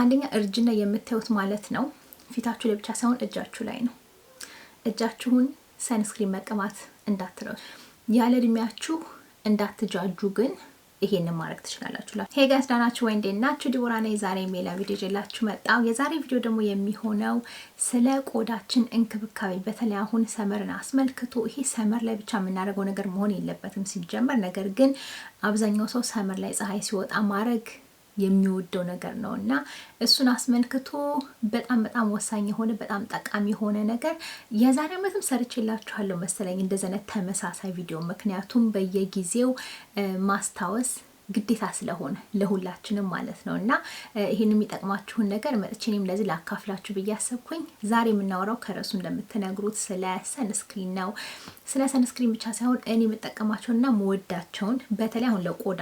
አንደኛ እርጅና የምታዩት ማለት ነው ፊታችሁ ላይ ብቻ ሳይሆን እጃችሁ ላይ ነው። እጃችሁን ሰንስክሪን መቀማት እንዳትረሱ። ያለ እድሜያችሁ እንዳትጃጁ ግን ይሄንን ማድረግ ትችላላችሁ። ሄ ጋይስ ዳናችሁ ወይ እንዴት ናችሁ? ዲቦራ ነኝ። ዛሬ ሌላ ቪዲዮ ይዤላችሁ መጣሁ። የዛሬ ቪዲዮ ደግሞ የሚሆነው ስለ ቆዳችን እንክብካቤ በተለይ አሁን ሰመርን አስመልክቶ ይሄ ሰመር ላይ ብቻ የምናደርገው ነገር መሆን የለበትም ሲጀመር። ነገር ግን አብዛኛው ሰው ሰመር ላይ ፀሐይ ሲወጣ ማድረግ የሚወደው ነገር ነው እና እሱን አስመልክቶ በጣም በጣም ወሳኝ የሆነ በጣም ጠቃሚ የሆነ ነገር የዛሬ ዓመትም ሰርችላችኋለሁ መሰለኝ እንደዚህ ተመሳሳይ ቪዲዮ። ምክንያቱም በየጊዜው ማስታወስ ግዴታ ስለሆነ ለሁላችንም ማለት ነው እና ይህን የሚጠቅማችሁን ነገር መጥቼንም ለዚህ ላካፍላችሁ ብዬ አሰብኩኝ። ዛሬ የምናወራው ከረሱ እንደምትነግሩት ስለ ሰንስክሪን ነው። ስለ ሰንስክሪን ብቻ ሳይሆን እኔ የምጠቀማቸውና መወዳቸውን በተለይ አሁን ለቆዳ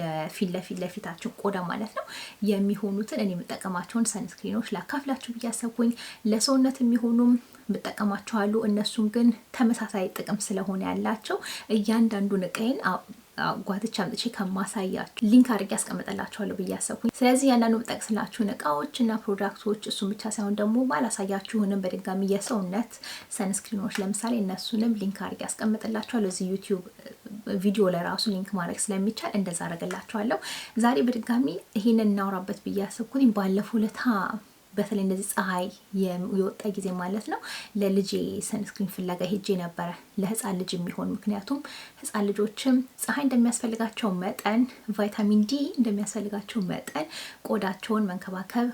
ለፊት ለፊት ለፊታችሁ ቆዳ ማለት ነው የሚሆኑትን እኔ የምጠቀማቸውን ሰንስክሪኖች ላካፍላችሁ ብያሰብኩኝ ለሰውነት የሚሆኑም ምጠቀማቸዋሉ። እነሱም ግን ተመሳሳይ ጥቅም ስለሆነ ያላቸው እያንዳንዱ እቃዬን ጓትቻ አምጥቼ ከማሳያችሁ ሊንክ አድርጌ ያስቀምጠላችኋለሁ ብዬ አሰብኩኝ። ስለዚህ ያንዳንዱ የምጠቅስላችሁን እቃዎች እና ፕሮዳክቶች እሱን ብቻ ሳይሆን ደግሞ ባላሳያችሁንም በድጋሚ የሰውነት ሰንስክሪኖች ለምሳሌ እነሱንም ሊንክ አድርጌ ያስቀምጥላችኋለሁ። እዚህ ዩቲዩብ ቪዲዮ ለራሱ ሊንክ ማድረግ ስለሚቻል እንደዛ አደረግላችኋለሁ። ዛሬ በድጋሚ ይሄንን እናውራበት ብዬ አሰብኩኝ ባለፈው ለታ በተለይ እንደዚህ ፀሐይ የወጣ ጊዜ ማለት ነው። ለልጄ ሰንስክሪን ፍላጋ ሄጄ ነበረ ለህፃን ልጅ የሚሆን ምክንያቱም ህፃን ልጆችም ፀሐይ እንደሚያስፈልጋቸው መጠን ቫይታሚን ዲ እንደሚያስፈልጋቸው መጠን ቆዳቸውን መንከባከብ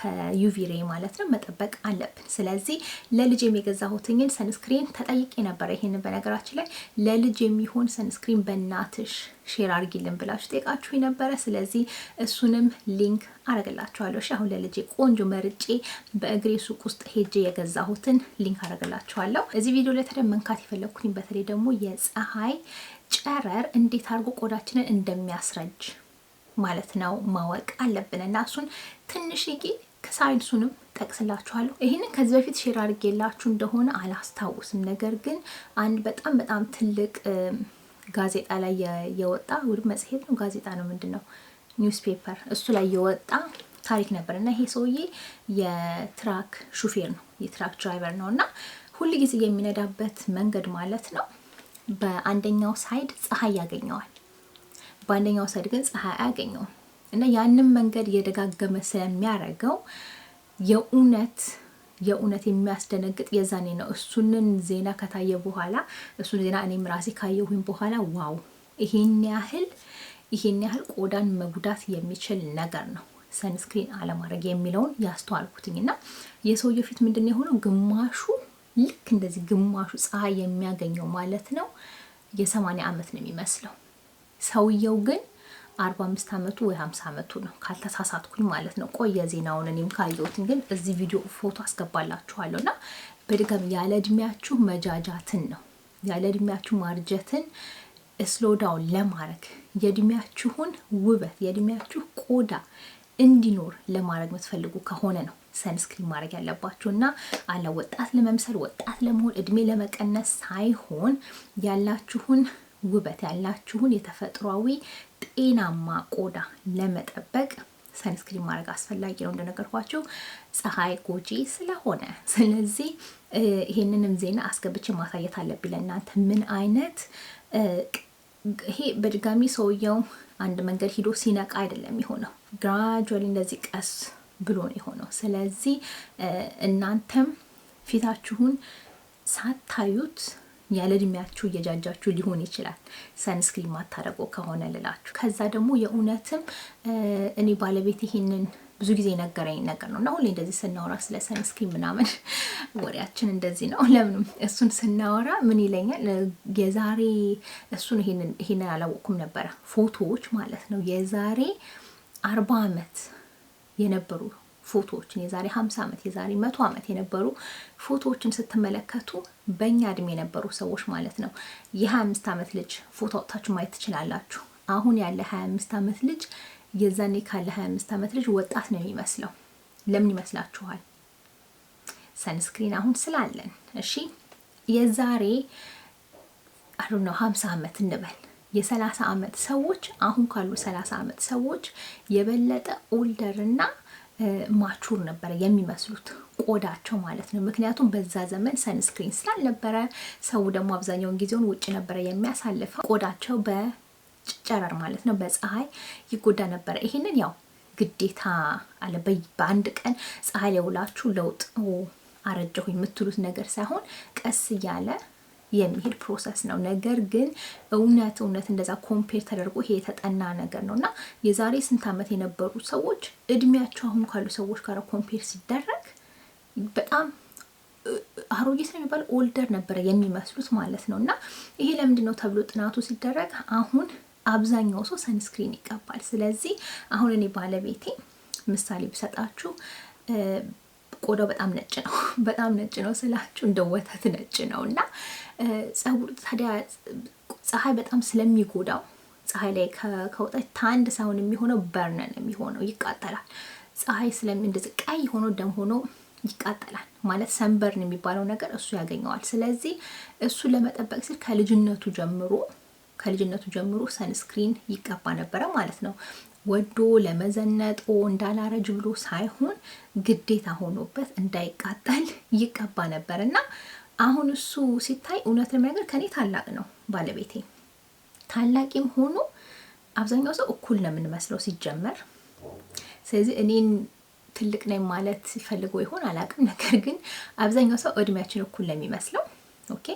ከዩቪ ማለት ነው መጠበቅ አለብን። ስለዚህ ለልጅ የገዛሁትኝን ሰንስክሪን ተጠይቄ ነበረ። ይህንን በነገራችን ላይ ለልጅ የሚሆን ሰንስክሪን በእናትሽ ሼር አርጊልን ብላችሁ ጠይቃችሁ ነበረ። ስለዚህ እሱንም ሊንክ አረግላችኋለሁ። እሺ አሁን ለልጄ ቆንጆ መርጬ በእግሬ ሱቅ ውስጥ ሄጄ የገዛሁትን ሊንክ አረግላችኋለሁ። እዚህ ቪዲዮ ላይ ተደመንካት የፈለግኩኝ በተለይ ደግሞ የፀሐይ ጨረር እንዴት አድርጎ ቆዳችንን እንደሚያስረጅ ማለት ነው ማወቅ አለብን እና እሱን ትንሽዬ ከሳይንሱንም ጠቅስላችኋለሁ። ይህንን ከዚህ በፊት ሼር አድርጌላችሁ እንደሆነ አላስታውስም፣ ነገር ግን አንድ በጣም በጣም ትልቅ ጋዜጣ ላይ የወጣ ውድ መጽሔት ነው ጋዜጣ ነው ምንድን ነው ኒውስፔፐር እሱ ላይ የወጣ ታሪክ ነበር እና ይሄ ሰውዬ የትራክ ሹፌር ነው የትራክ ድራይቨር ነው እና ሁል ጊዜ የሚነዳበት መንገድ ማለት ነው በአንደኛው ሳይድ ፀሐይ ያገኘዋል፣ በአንደኛው ሳይድ ግን ፀሐይ አያገኘውም እና ያንን መንገድ የደጋገመ ስለሚያደርገው የእውነት የእውነት የሚያስደነግጥ የዛኔ ነው። እሱንን ዜና ከታየ በኋላ እሱን ዜና እኔም ራሴ ካየሁኝ በኋላ ዋው ይሄን ያህል ይሄን ያህል ቆዳን መጉዳት የሚችል ነገር ነው ሰንስክሪን አለማድረግ የሚለውን ያስተዋልኩትኝ እና የሰውየው ፊት ምንድን የሆነው ግማሹ ልክ እንደዚህ ግማሹ ፀሐይ የሚያገኘው ማለት ነው የሰማንያ ዓመት ነው የሚመስለው ሰውየው ግን አርባ አምስት አመቱ ወይ ሀምሳ አመቱ ነው ካልተሳሳትኩኝ ማለት ነው። ቆየ ዜናውን እኔም ካየሁትን ግን እዚህ ቪዲዮ ፎቶ አስገባላችኋለሁ እና በድጋሚ ያለ እድሜያችሁ መጃጃትን ነው ያለ እድሜያችሁ ማርጀትን ስሎዳውን ለማድረግ የእድሜያችሁን ውበት የእድሜያችሁ ቆዳ እንዲኖር ለማድረግ የምትፈልጉ ከሆነ ነው ሰንስክሪን ማድረግ ያለባችሁ እና አለ ወጣት ለመምሰል ወጣት ለመሆን እድሜ ለመቀነስ ሳይሆን ያላችሁን ውበት ያላችሁን የተፈጥሯዊ ጤናማ ቆዳ ለመጠበቅ ሰንስክሪን ማድረግ አስፈላጊ ነው። እንደነገርኳችሁ ፀሐይ ጎጂ ስለሆነ፣ ስለዚህ ይሄንንም ዜና አስገብቼ ማሳየት አለብኝ ለእናንተ ምን አይነት ይሄ በድጋሚ ሰውየው አንድ መንገድ ሂዶ ሲነቃ አይደለም የሆነው፣ ግራጁዋሊ እንደዚህ ቀስ ብሎ ነው የሆነው። ስለዚህ እናንተም ፊታችሁን ሳታዩት ያለ እድሜያችሁ እየጃጃችሁ ሊሆን ይችላል ሰንስክሪን ማታረጎ ከሆነ ልላችሁ። ከዛ ደግሞ የእውነትም እኔ ባለቤት ይሄንን ብዙ ጊዜ የነገረኝ ነገር ነው እና ሁሌ እንደዚህ ስናወራ ስለ ሰንስክሪን ምናምን ወሬያችን እንደዚህ ነው። ለምንም እሱን ስናወራ ምን ይለኛል የዛሬ እሱን ይሄንን አላወቅኩም ነበረ ፎቶዎች ማለት ነው የዛሬ አርባ አመት የነበሩ ፎቶዎችን የዛሬ 50 ዓመት የዛሬ 100 ዓመት የነበሩ ፎቶዎችን ስትመለከቱ በእኛ እድሜ የነበሩ ሰዎች ማለት ነው የ25 ዓመት ልጅ ፎቶ አውጥታችሁ ማየት ትችላላችሁ። አሁን ያለ 25 ዓመት ልጅ የዛኔ ካለ 25 ዓመት ልጅ ወጣት ነው የሚመስለው። ለምን ይመስላችኋል? ሰንስክሪን አሁን ስላለን። እሺ የዛሬ አሉ ነው 50 ዓመት እንበል የ30 ዓመት ሰዎች አሁን ካሉ 30 ዓመት ሰዎች የበለጠ ኦልደር እና ማቹር ነበረ የሚመስሉት ቆዳቸው ማለት ነው። ምክንያቱም በዛ ዘመን ሰንስክሪን ስላልነበረ ሰው ደግሞ አብዛኛውን ጊዜውን ውጭ ነበረ የሚያሳልፈው። ቆዳቸው በጨረር ማለት ነው በፀሐይ ይጎዳ ነበረ። ይሄንን ያው ግዴታ አለ በአንድ ቀን ፀሐይ ላይ ውላችሁ ለውጥ አረጀሁ የምትሉት ነገር ሳይሆን ቀስ እያለ የሚሄድ ፕሮሰስ ነው። ነገር ግን እውነት እውነት እንደዛ ኮምፔር ተደርጎ ይሄ የተጠና ነገር ነው እና የዛሬ ስንት ዓመት የነበሩ ሰዎች እድሜያቸው አሁን ካሉ ሰዎች ጋር ኮምፔር ሲደረግ በጣም አሮጌት ነው የሚባል ኦልደር ነበረ የሚመስሉት ማለት ነው። እና ይሄ ለምንድን ነው ተብሎ ጥናቱ ሲደረግ አሁን አብዛኛው ሰው ሰንስክሪን ይቀባል። ስለዚህ አሁን እኔ ባለቤቴ ምሳሌ ብሰጣችሁ ቆዳው በጣም ነጭ ነው። በጣም ነጭ ነው ስላችሁ እንደ ወተት ነጭ ነው እና ጸጉር ታዲያ ፀሐይ በጣም ስለሚጎዳው ፀሐይ ላይ ከወጣች ታንድ ሳይሆን የሚሆነው በርን ነው የሚሆነው፣ ይቃጠላል። ፀሐይ ስለሚ እንደዚህ ቀይ ሆኖ ደም ሆኖ ይቃጠላል ማለት ሰንበርን የሚባለው ነገር እሱ ያገኘዋል። ስለዚህ እሱ ለመጠበቅ ሲል ከልጅነቱ ጀምሮ ከልጅነቱ ጀምሮ ሰንስክሪን ይቀባ ነበረ ማለት ነው። ወዶ ለመዘነጦ እንዳላረጅ ብሎ ሳይሆን ግዴታ ሆኖበት እንዳይቃጠል ይቀባ ነበር እና አሁን እሱ ሲታይ እውነት ነገር ከኔ ታላቅ ነው ባለቤቴ። ታላቂም ሆኖ አብዛኛው ሰው እኩል ነው የምንመስለው ሲጀመር። ስለዚህ እኔን ትልቅ ነኝ ማለት ሲፈልገው ይሆን አላቅም፣ ነገር ግን አብዛኛው ሰው እድሜያችን እኩል ነው የሚመስለው። ኦኬ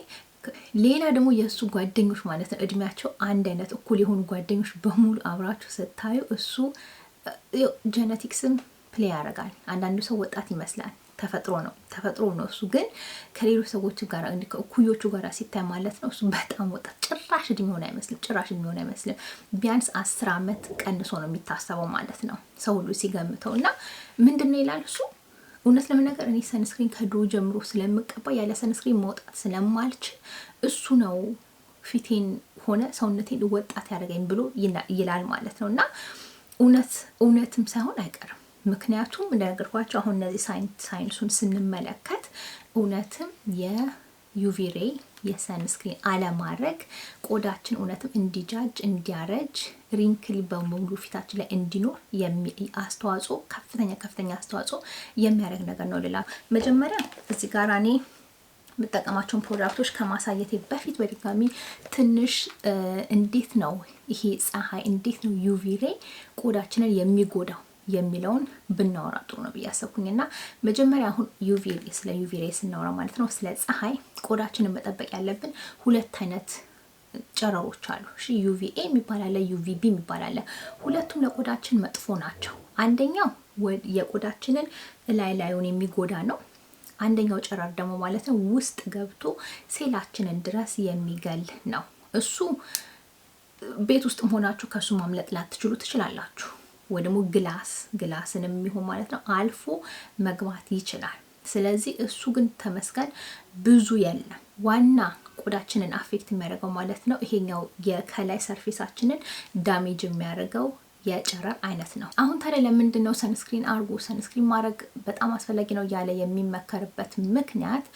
ሌላ ደግሞ የእሱ ጓደኞች ማለት ነው እድሜያቸው አንድ አይነት እኩል የሆኑ ጓደኞች በሙሉ አብራችሁ ስታዩ እሱ ጀነቲክስም ፕሌ ያደርጋል። አንዳንዱ ሰው ወጣት ይመስላል ተፈጥሮ ነው ተፈጥሮ ነው እሱ ግን ከሌሎች ሰዎች ጋር እኩዮቹ ጋር ሲታይ ማለት ነው እሱ በጣም ወጣት ጭራሽ እድሜውን አይመስልም ጭራሽ እድሜውን አይመስልም ቢያንስ አስር አመት ቀንሶ ነው የሚታሰበው ማለት ነው ሰው ሁሉ ሲገምተው እና ምንድን ነው ይላል እሱ እውነት ለመናገር እኔ ሰንስክሪን ከድሮ ጀምሮ ስለምቀባ ያለ ሰንስክሪን መውጣት ስለማልችል እሱ ነው ፊቴን ሆነ ሰውነቴን ወጣት ያደረገኝ ብሎ ይላል ማለት ነው እና እውነት እውነትም ሳይሆን አይቀርም ምክንያቱም እንደነገርኳቸው አሁን እነዚህ ሳይንሱን ስንመለከት እውነትም የዩቪ ሬይ የሰንስክሪን አለማድረግ ቆዳችን እውነትም እንዲጃጅ እንዲያረጅ ሪንክል በሙሉ ፊታችን ላይ እንዲኖር አስተዋጽኦ ከፍተኛ ከፍተኛ አስተዋጽኦ የሚያደርግ ነገር ነው። ሌላ መጀመሪያ እዚህ ጋር እኔ የምጠቀማቸውን ፕሮዳክቶች ከማሳየቴ በፊት በድጋሚ ትንሽ እንዴት ነው ይሄ ፀሐይ እንዴት ነው ዩቪ ሬይ ቆዳችንን የሚጎዳው የሚለውን ብናወራ ጥሩ ነው ብዬ አሰብኩኝ እና መጀመሪያ አሁን ዩቪ ስለ ዩቪሬ ስናወራ ማለት ነው ስለ ፀሐይ ቆዳችንን መጠበቅ ያለብን ሁለት አይነት ጨረሮች አሉ። እሺ ዩቪኤ የሚባል አለ፣ ዩቪቢ የሚባል አለ። ሁለቱም ለቆዳችን መጥፎ ናቸው። አንደኛው የቆዳችንን ላይ ላዩን የሚጎዳ ነው። አንደኛው ጨረር ደግሞ ማለት ነው ውስጥ ገብቶ ሴላችንን ድረስ የሚገል ነው። እሱ ቤት ውስጥ መሆናችሁ ከእሱ ማምለጥ ላትችሉ ትችላላችሁ። ወይ ደግሞ ግላስ ግላስን የሚሆን ማለት ነው አልፎ መግባት ይችላል። ስለዚህ እሱ ግን ተመስገን ብዙ የለም። ዋና ቆዳችንን አፌክት የሚያደርገው ማለት ነው ይሄኛው የከላይ ሰርፌሳችንን ዳሜጅ የሚያደርገው የጨረር አይነት ነው። አሁን ታዲያ ለምንድን ነው ሰንስክሪን አርጉ ሰንስክሪን ማድረግ በጣም አስፈላጊ ነው ያለ የሚመከርበት ምክንያት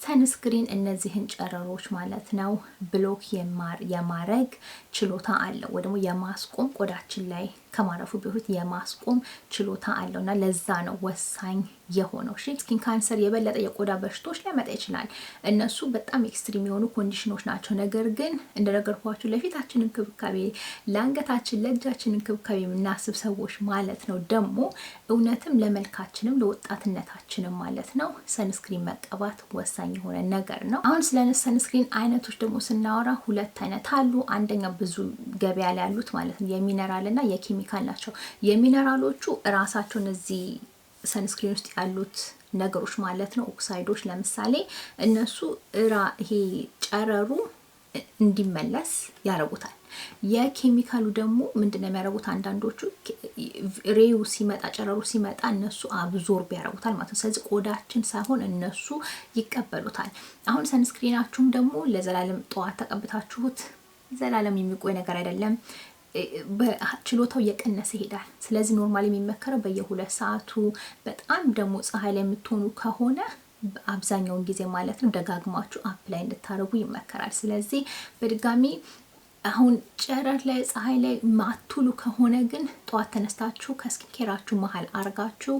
ሰንስክሪን እነዚህን ጨረሮች ማለት ነው ብሎክ የማረግ ችሎታ አለው ወይ ደግሞ የማስቆም ቆዳችን ላይ ከማረፉ በፊት የማስቆም ችሎታ አለው እና ለዛ ነው ወሳኝ የሆነው። እሺ ስኪን ካንሰር የበለጠ የቆዳ በሽቶች ሊያመጣ ይችላል። እነሱ በጣም ኤክስትሪም የሆኑ ኮንዲሽኖች ናቸው። ነገር ግን እንደነገርኳችሁ ለፊታችን እንክብካቤ፣ ለአንገታችን፣ ለእጃችን እንክብካቤ የምናስብ ሰዎች ማለት ነው ደግሞ እውነትም ለመልካችንም ለወጣትነታችንም ማለት ነው ሰንስክሪን መቀባት ወሳኝ ወሳኝ የሆነ ነገር ነው። አሁን ስለ ሰንስክሪን አይነቶች ደግሞ ስናወራ ሁለት አይነት አሉ። አንደኛ ብዙ ገበያ ላይ ያሉት ማለት ነው የሚነራል እና የኬሚካል ናቸው። የሚነራሎቹ እራሳቸውን እዚህ ሰንስክሪን ውስጥ ያሉት ነገሮች ማለት ነው ኦክሳይዶች፣ ለምሳሌ እነሱ እራ ይሄ ጨረሩ እንዲመለስ ያረጉታል። የኬሚካሉ ደግሞ ምንድነው የሚያረጉት? አንዳንዶቹ ሬው ሲመጣ ጨረሩ ሲመጣ እነሱ አብዞርብ ያረጉታል ማለት ነው። ስለዚህ ቆዳችን ሳይሆን እነሱ ይቀበሉታል። አሁን ሰንስክሪናችሁም ደግሞ ለዘላለም ጠዋት ተቀብታችሁት ዘላለም የሚቆይ ነገር አይደለም። ችሎታው እየቀነሰ ይሄዳል። ስለዚህ ኖርማል የሚመከረው በየሁለት ሰዓቱ በጣም ደግሞ ፀሐይ ላይ የምትሆኑ ከሆነ አብዛኛውን ጊዜ ማለት ነው ደጋግማችሁ አፕ ላይ እንድታደርጉ ይመከራል። ስለዚህ በድጋሚ አሁን ጨረር ላይ ፀሐይ ላይ ማቱሉ ከሆነ ግን ጠዋት ተነስታችሁ ከስኪንኬራችሁ መሀል አርጋችሁ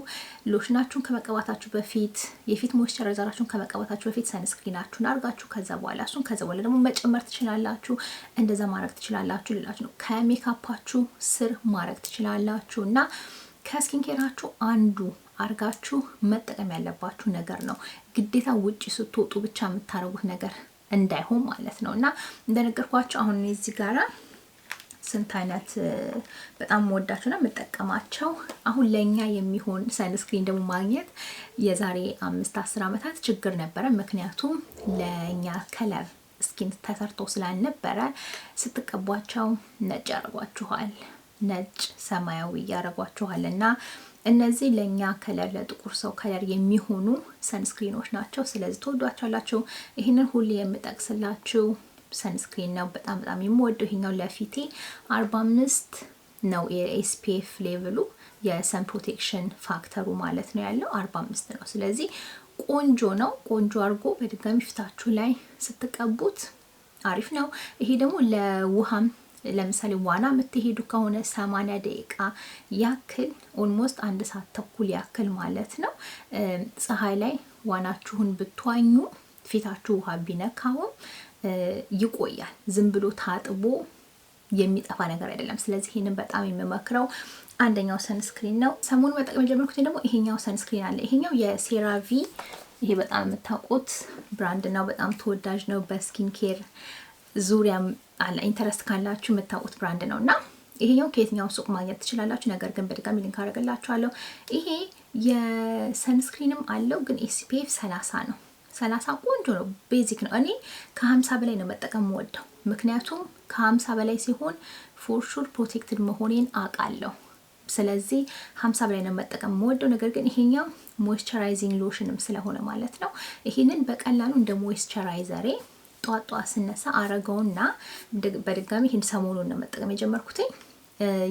ሎሽናችሁን ከመቀባታችሁ በፊት የፊት ሞይስቸራይዘራችሁን ከመቀባታችሁ በፊት ሰንስክሪናችሁን አርጋችሁ ከዛ በኋላ እሱን ከዛ በኋላ ደግሞ መጨመር ትችላላችሁ። እንደዛ ማድረግ ትችላላችሁ ልላችሁ ነው። ከሜካፓችሁ ስር ማድረግ ትችላላችሁ እና ከስኪንኬራችሁ አንዱ አርጋችሁ መጠቀም ያለባችሁ ነገር ነው። ግዴታ ውጭ ስትወጡ ብቻ የምታደርጉት ነገር እንዳይሆን ማለት ነው። እና እንደነገርኳችሁ አሁን እዚህ ጋራ ስንት አይነት በጣም ና የምጠቀማቸው አሁን ለእኛ የሚሆን ሰንስክሪን ደግሞ ማግኘት የዛሬ አምስት አስር ዓመታት ችግር ነበረ። ምክንያቱም ለእኛ ከለር ስኪን ተሰርቶ ስላልነበረ ስትቀቧቸው ነጭ ያደርጓችኋል፣ ነጭ ሰማያዊ ያደርጓችኋል እና እነዚህ ለእኛ ከለር ለጥቁር ሰው ከለር የሚሆኑ ሰንስክሪኖች ናቸው። ስለዚህ ትወዷቸዋላችሁ። ይህንን ሁሌ የምጠቅስላችሁ ሰንስክሪን ነው። በጣም በጣም የምወደው ይሄኛው ለፊቴ አርባ አምስት ነው የኤስፒኤፍ ሌቭሉ የሰን ፕሮቴክሽን ፋክተሩ ማለት ነው ያለው አርባ አምስት ነው። ስለዚህ ቆንጆ ነው። ቆንጆ አድርጎ በድጋሚ ፊታችሁ ላይ ስትቀቡት አሪፍ ነው። ይሄ ደግሞ ለውሃም ለምሳሌ ዋና የምትሄዱ ከሆነ ሰማንያ ደቂቃ ያክል ኦልሞስት አንድ ሰዓት ተኩል ያክል ማለት ነው ፀሐይ ላይ ዋናችሁን ብትዋኙ ፊታችሁ ውሃ ቢነካውም ይቆያል። ዝም ብሎ ታጥቦ የሚጠፋ ነገር አይደለም። ስለዚህ ይህንን በጣም የምመክረው አንደኛው ሰንስክሪን ነው። ሰሞኑን መጠቀም የጀመርኩት ደግሞ ይሄኛው ሰንስክሪን አለ። ይሄኛው የሴራቪ ይሄ በጣም የምታውቁት ብራንድ ነው። በጣም ተወዳጅ ነው በስኪን ኬር ዙሪያ አለ ኢንተረስት ካላችሁ የምታውቁት ብራንድ ነው እና ይሄኛው ከየትኛው ሱቅ ማግኘት ትችላላችሁ። ነገር ግን በድጋሚ ሊንክ አደርግላችኋለሁ። ይሄ የሰንስክሪንም አለው ግን ኤስፒኤፍ ሰላሳ ነው። ሰላሳ ቆንጆ ነው፣ ቤዚክ ነው። እኔ ከሀምሳ በላይ ነው መጠቀም ወደው፣ ምክንያቱም ከሀምሳ በላይ ሲሆን ፎርሹር ፕሮቴክትድ መሆኔን አውቃለሁ። ስለዚህ ሀምሳ በላይ ነው መጠቀም የምወደው። ነገር ግን ይሄኛው ሞይስቸራይዚንግ ሎሽንም ስለሆነ ማለት ነው ይሄንን በቀላሉ እንደ ሞይስቸራይዘሬ ጠዋት ጠዋት ስነሳ አረገውና በድጋሚ ይህን ሰሞኑን ነው መጠቀም የጀመርኩትኝ።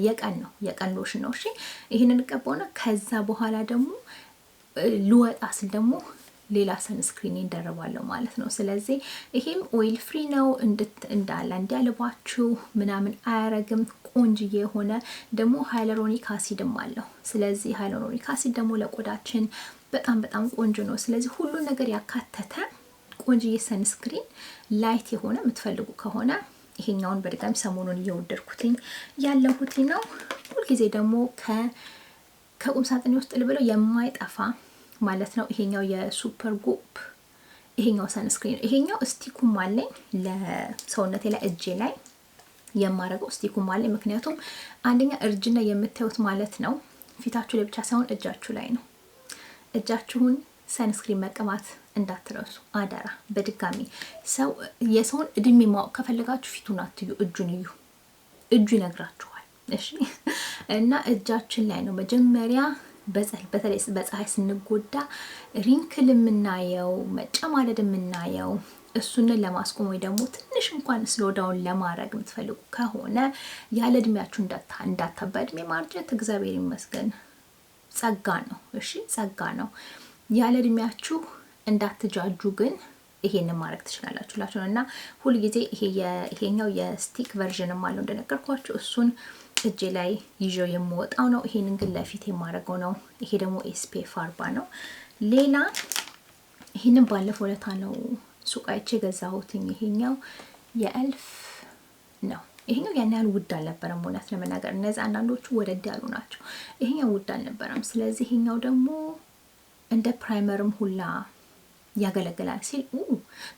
የቀን ነው የቀን ሎሽን ነው። እሺ ይህንን ቀባውና ከዛ በኋላ ደግሞ ልወጣ ስል ደግሞ ሌላ ሰንስክሪን እንደረባለሁ ማለት ነው። ስለዚህ ይሄም ኦይል ፍሪ ነው እንድት እንዳለ እንዲያልባችሁ ምናምን አያረግም። ቆንጅዬ የሆነ ደግሞ ሃይለሮኒክ አሲድም አለው። ስለዚህ ሃይለሮኒክ አሲድ ደግሞ ለቆዳችን በጣም በጣም ቆንጆ ነው። ስለዚህ ሁሉን ነገር ያካተተ ቆንጅዬ ሰንስክሪን ላይት የሆነ የምትፈልጉ ከሆነ ይሄኛውን በድጋሚ ሰሞኑን እየወደድኩትኝ ያለሁት ነው። ሁልጊዜ ደግሞ ከቁም ሳጥኔ ውስጥ ልብለው የማይጠፋ ማለት ነው። ይሄኛው የሱፐር ጉፕ ይሄኛው ሰንስክሪን ይሄኛው ስቲኩም አለኝ ለሰውነቴ ላይ እጄ ላይ የማረገው ስቲኩም አለኝ። ምክንያቱም አንደኛ እርጅና የምታዩት ማለት ነው ፊታችሁ ላይ ብቻ ሳይሆን እጃችሁ ላይ ነው። እጃችሁን ሰንስክሪን መቀባት እንዳትረሱ አደራ። በድጋሚ ሰው የሰውን እድሜ ማወቅ ከፈለጋችሁ ፊቱን አትዩ፣ እጁን እዩ። እጁ ይነግራችኋል። እሺ እና እጃችን ላይ ነው መጀመሪያ በተለይ በፀሐይ ስንጎዳ ሪንክል የምናየው መጨማደድ የምናየው እሱንን ለማስቆም ወይ ደግሞ ትንሽ እንኳን ስሎዳውን ለማድረግ የምትፈልጉ ከሆነ ያለ እድሜያችሁ እንዳታ በእድሜ ማርጀት እግዚአብሔር ይመስገን ጸጋ ነው። እሺ ጸጋ ነው። ያለ እድሜያችሁ እንዳትጃጁ ግን ይሄንን ማድረግ ትችላላችሁ ላችሁ ነው እና ሁልጊዜ ይሄኛው የስቲክ ቨርዥንም አለው እንደነገርኳችሁ እሱን እጄ ላይ ይዤው የምወጣው ነው። ይሄንን ግን ለፊት የማደርገው ነው። ይሄ ደግሞ ኤስፒኤፍ አርባ ነው። ሌላ ይህንን ባለፈው ለታ ነው ሱቃይቼ የገዛሁትኝ። ይሄኛው የእልፍ ነው። ይሄኛው ያን ያህል ውድ አልነበረም፣ እውነት ለመናገር እነዚህ አንዳንዶቹ ወደድ ያሉ ናቸው። ይሄኛው ውድ አልነበረም። ስለዚህ ይሄኛው ደግሞ እንደ ፕራይመርም ሁላ ያገለግላል ሲል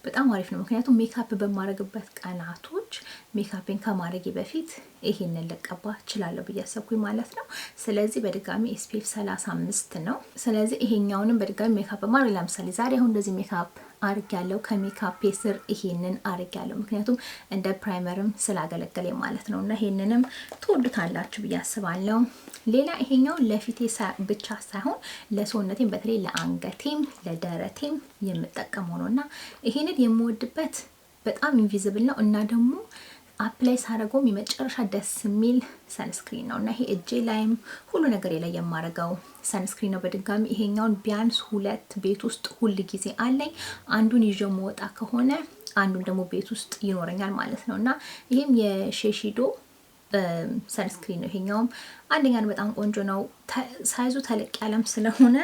በጣም አሪፍ ነው። ምክንያቱም ሜካፕ በማድረግበት ቀናቶች ሜካፕን ከማድረግ በፊት ይሄንን ልቀባ እችላለሁ ብዬ አሰብኩኝ ማለት ነው። ስለዚህ በድጋሚ ኤስፒኤፍ 35 ነው። ስለዚህ ይሄኛውንም በድጋሚ ሜካፕ በማድረግ ለምሳሌ ዛሬ አሁን እንደዚህ ሜካፕ አርግ ያለው ከሜካፕ ስር ይሄንን አርግ ያለው ምክንያቱም እንደ ፕራይመርም ስላገለገለ ማለት ነው እና ይሄንንም ትወዱታላችሁ ብዬ አስባለሁ። ሌላ ይሄኛው ለፊቴ ብቻ ሳይሆን ለሰውነቴም በተለይ ለአንገቴም ለደረቴም የምጠቀመው ነው እና ይሄንን የምወድበት በጣም ኢንቪዝብል ነው እና ደግሞ አፕላይ ሳደረገውም የመጨረሻ ደስ የሚል ሰንስክሪን ነው እና ይሄ እጄ ላይም ሁሉ ነገር ላይ የማረገው ሰንስክሪን ነው። በድጋሚ ይሄኛውን ቢያንስ ሁለት ቤት ውስጥ ሁል ጊዜ አለኝ። አንዱን ይዤ መወጣ ከሆነ አንዱን ደግሞ ቤት ውስጥ ይኖረኛል ማለት ነው እና ይህም የሼሺዶ ሰንስክሪን ነው። ይሄኛውም አንደኛ በጣም ቆንጆ ነው። ሳይዙ ተለቅ ያለም ስለሆነ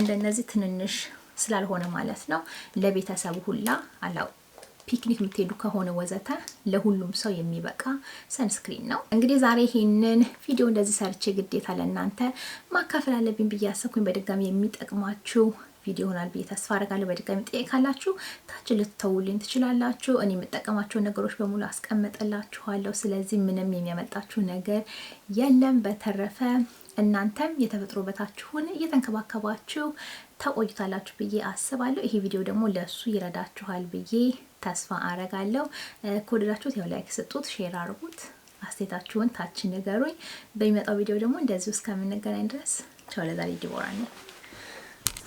እንደነዚህ ትንንሽ ስላልሆነ ማለት ነው። ለቤተሰቡ ሁላ አላው ፒክኒክ የምትሄዱ ከሆነ ወዘተ ለሁሉም ሰው የሚበቃ ሰንስክሪን ነው። እንግዲህ ዛሬ ይሄንን ቪዲዮ እንደዚህ ሰርቼ ግዴታ ለእናንተ ማካፈል አለብኝ ብዬ አሰብኩኝ። በድጋሚ የሚጠቅማችሁ ቪዲዮ ይሆናል ብዬ ተስፋ አደርጋለሁ። በድጋሚ ጥያቄ ካላችሁ ታች ልትተውልኝ ትችላላችሁ። እኔ የምጠቀማቸው ነገሮች በሙሉ አስቀምጥላችኋለሁ። ስለዚህ ምንም የሚያመጣችሁ ነገር የለም። በተረፈ እናንተም የተፈጥሮ ውበታችሁን እየተንከባከባችሁ ተቆይታላችሁ ብዬ አስባለሁ። ይሄ ቪዲዮ ደግሞ ለእሱ ይረዳችኋል ብዬ ተስፋ አረጋለሁ። ከወደዳችሁት ያው ላይክ ስጡት፣ ሼር አርጉት፣ አስተያየታችሁን ታች ንገሩኝ። በሚመጣው ቪዲዮ ደግሞ እንደዚሁ እስከምንገናኝ ድረስ ቻው። ለዛሬ ዲቦራ ነኝ።